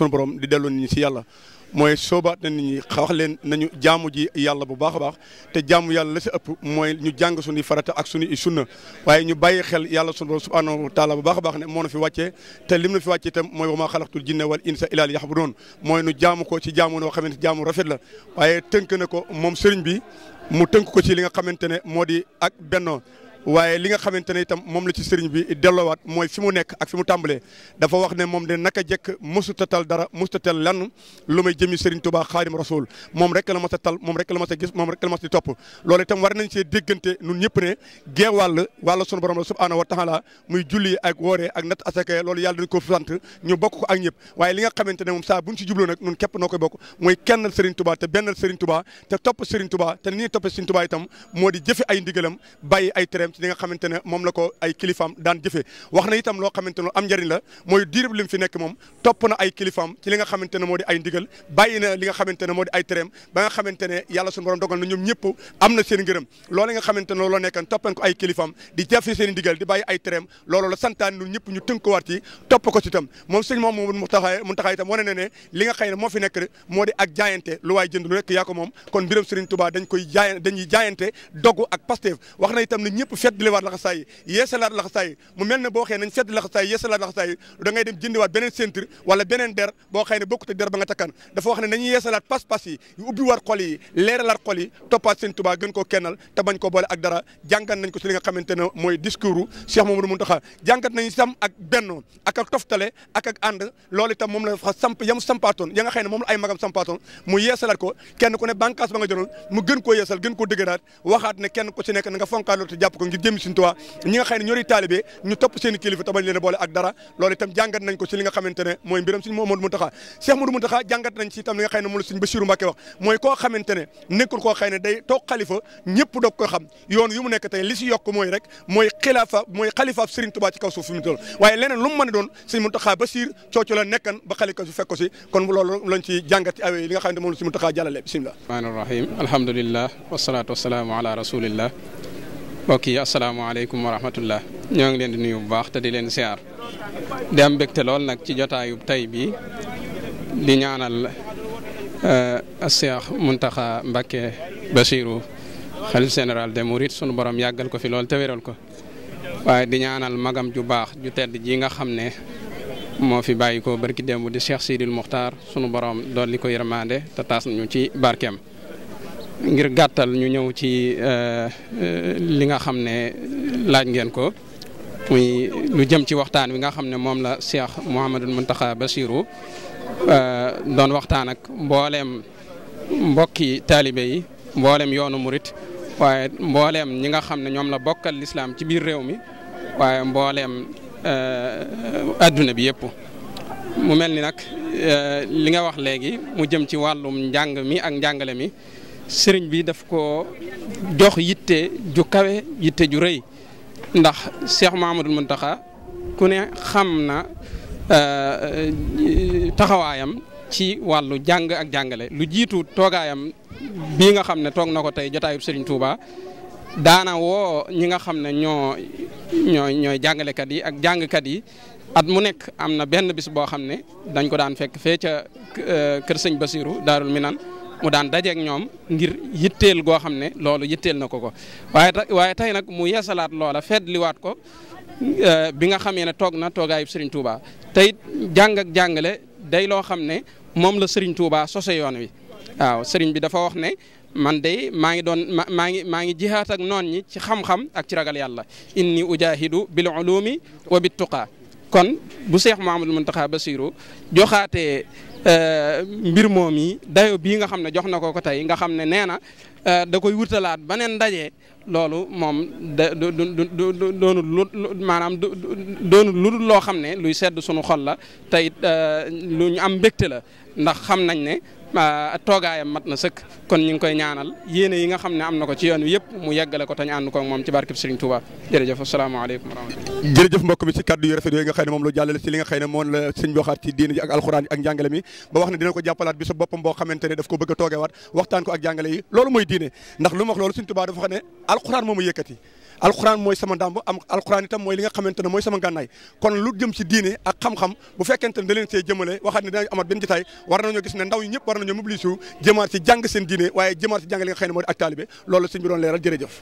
sunu boroom di delloo nit ñi si yàlla mooy soobaat na nit ñi wax leen nañu jaamu ji yàlla bu baax a baax te jaamu yàlla la si ëpp mooy ñu jàng suñuy farata ak suñuy sunna waaye ñu bàyyi xel yàlla sunu borom subhanahu wa taala bu baax a baax ne moo na fi wàccee te lim na fi wàccee itam mooy wa maa xalaqtul jinna wal insa illaa liya'buduun mooy nu jaamu ko ci jaamu noo xam ne jaamu rafet la waaye tënk na ko moom sëriñ bi mu tënk ko ci li nga xamante ne moo di ak bennoo waaye li nga xamante ne itam moom la ci sëriñ bi delloowaat mooy fi mu nekk ak mu tàmbalee dafa wax ne moom de naka jekk mësuta tal dara mësuta tal lenn lu may jëmi sëriñ Tuubaa Xaadim Rasuul moom rek la mas a tal moom rek la mas a gis moom rek la mas di topp loolu war nañ see déggante nun ñëpp ne geewàll wàlla sunu borom la ak wooree ak natt loolu yàlla ko sant ñu bokk ko ak ñëpp waaye li nga xamante ne moom saa buñ ci jubloo nag nun képp noo koy bokk mooy kennal sëriñ Tuubaa te bennal sëriñ Tuubaa te topp sëriñ Tuubaa te ni topp sëriñ Tuubaa itam moo di jëfe ay ndigalam bàyyi ay tereem dem ci li nga xamante ne moom la ko ay kilifaam daan jëfee wax na itam loo xamante ne am njëriñ la mooy diirib li mu fi nekk moom topp na ay kilifaam ci li nga xamante moo di ay ndigal bàyyi na li nga xamante moo di ay tereem ba nga xamante ne yàlla suñu borom ko ay kilifaam topp ko ci itam moom sëñ moom moom Muntaxa Muntaxa itam wane na ne li nga moo fi nekk moo di ak jaayante lu waay jënd lu nekk yaa moom kon mbiram Sëriñ Tuubaa dañ koy jaay dañuy ak Pastef feddliwaat laxasaay yi yeesalaat laxasaay mu mel ne boo xëyee nañ fedd laxasaay yi yeesalaat laxasaay yi da ngay dem jëndiwaat beneen centre wala beneen der boo xëy ne bokkut ak der ba nga dafa wax ne yeesalaat pas-pas yi yu ubbiwaat xol yi leeralaat xol toppaat seen Tuubaa gën koo kennal te bañ ko boole ak dara jàngat nañ ko si li nga xamante ne mooy discours Cheikh Mamadou Mountakha jàngat nañ sam ak benn ak ak toftale ak ak ànd loolu itam moom la yam sampaatoon ya nga ko kenn ngir jëm Sëriñ Tuubaa ñi nga xam ne ñoori taalibe ñu topp seen i kilifa te bañ leen a boole ak dara loolu itam jàngat nañ ko si li nga xamante ne mooy mbiram Sëriñ Mamadu Muntaxa Cheikh Mamadu Muntaxa jàngat nañ si itam li nga xam ne moom la Sëriñ Bassirou Mbacké wax mooy koo xamante ne nekkul koo xam ne day toog xalifa xam yoon yu mu nekk tey li si yokk mooy rek mooy xilaafa mooy xalifaab Sëriñ Tuubaa ci kaw suuf fi mu lu mu mën a doon Sëriñ Muntaxa Bassir cooco la nekkan ba xalika fekk ko si kon loolu lañ ci jàngat ci awee li nga xamante moom la Sëriñ Muntaxa jàllale bismillah rahmaani rahim alhamdulillah wasalaatu wasalaamu ala rasulillah mbokk yi asalaamaaleykum wa rahmatullah ñoo ngi leen di nuyu bu baax te di leen siyaar di am mbégte lool nag ci jotaayu tay bi di ñaanal eh, Cheikh Mountakha Mbacké Bassirou xalif général des Mourides sunu borom yàggal ko fi lool te wéral ko waaye di ñaanal magam ju baax ju tedd ji nga xam ne moo fi bàyyi ko barki démb di Cheikh Sidil Muxtaar sunu borom dool li ko yërmande te taas ñu ci barkeem. ngir gàttal ñu ñëw ci euh, euh, li nga xam ne laaj ngeen ko muy lu jëm ci waxtaan wi nga xam ne moom la Cheikh Mouhamadul Mountakha Bassirou euh, doon waxtaan ak mbooleem mbokki taalibe yi mbooleem yoonu murit waaye mbooleem ñi nga xam ne ñoom la bokkal lislaam ci biir réew mi waaye mbooleem àdduna bi yëpp mu mel ni nag li nga wax léegi mu jëm ci wàllum njàng mi ak njàngale mi sëriñ bi def ko jox yitte ju kawe yitte ju rëy ndax Cheikh mun taxa ku ne xam na euh, euh, taxawaayam ci wàllu jàng ak jàngale lu jiitu toogaayam bii nga xam ne toog na ko tey jotaayub sëriñ Touba daana woo ñi nga xam ne ñoo ñooy ñooy jàngalekat yi ak jàngkat yi at mu nekk am na benn bis boo xam ne dañ ko daan fekk fe ca euh, kër sëñ Basirou Daarul Minan mu daan dajeek ñoom ngir yitteel goo xam ne loolu yitteel na ko ko waaye waaye tey nag mu yeesalaat loola feddliwaat ko eh, bi nga xamee ne toog na toogaayub Serigne Touba tey jàng ak jàngale day loo xam ne moom la Serigne Touba sose yoon wi waaw bi dafa wax ne man de maa ngi doon maa ngi maa ngi jihaat ak noon ñi ci xam-xam ak ci ragal yàlla inni ujahidu bil ulumi wa bit kon bu Seex Muhammadul Muntaxa Basiru joxaatee Euh, mbir moom yi dayo bii nga xam ne jox na ko ko tey nga xam ne nee na euh, da koy wutalaat beneen ndaje loolu moom da du lu maanaam du doonul lu loo xam ne luy sedd sunu xol la tey euh, lu ñu am mbégte la ndax xam nañ ne. toogaayam mat na sëkk kon ñu ngi koy ñaanal yéene yi nga xam ne am na ko ci yoon wi yëpp mu yeggale ko tañ ànd ko moom ci barkeb Serigne Touba jërëjëf asalaamaaleykum wa rahmatulah jërëjëf mbokk mi ci kaddu yu rafet yooyu nga xëy ne moom la jàllale ci li nga xëy ne moom la sëñ waxaat ci diine ne dina ko jàppalaat bi sa boppam boo xamante ne daf ko bëgg a toogeewaat waxtaan ko ak jàngale yi loolu mooy diine ndax lu ma wax loolu Serigne Touba dafa xam ne alxuraan moomu yëkkati alxuraan mooy sama ndàmb am alxuraan itam mooy li nga xamante ne mooy sama gànnaay kon lu jëm ci diine ak xam-xam bu fekkente ne da leen see jëmale waxaat ne dinañ amat benn jotaay war nañoo gis ne ndaw yi ñëpp war nañoo mobiliser wu jëmaat ci jàng seen diine waaye jëmaat ci jàng li nga xam ne moo di ak taalibe loolu sëñ bi doon leeral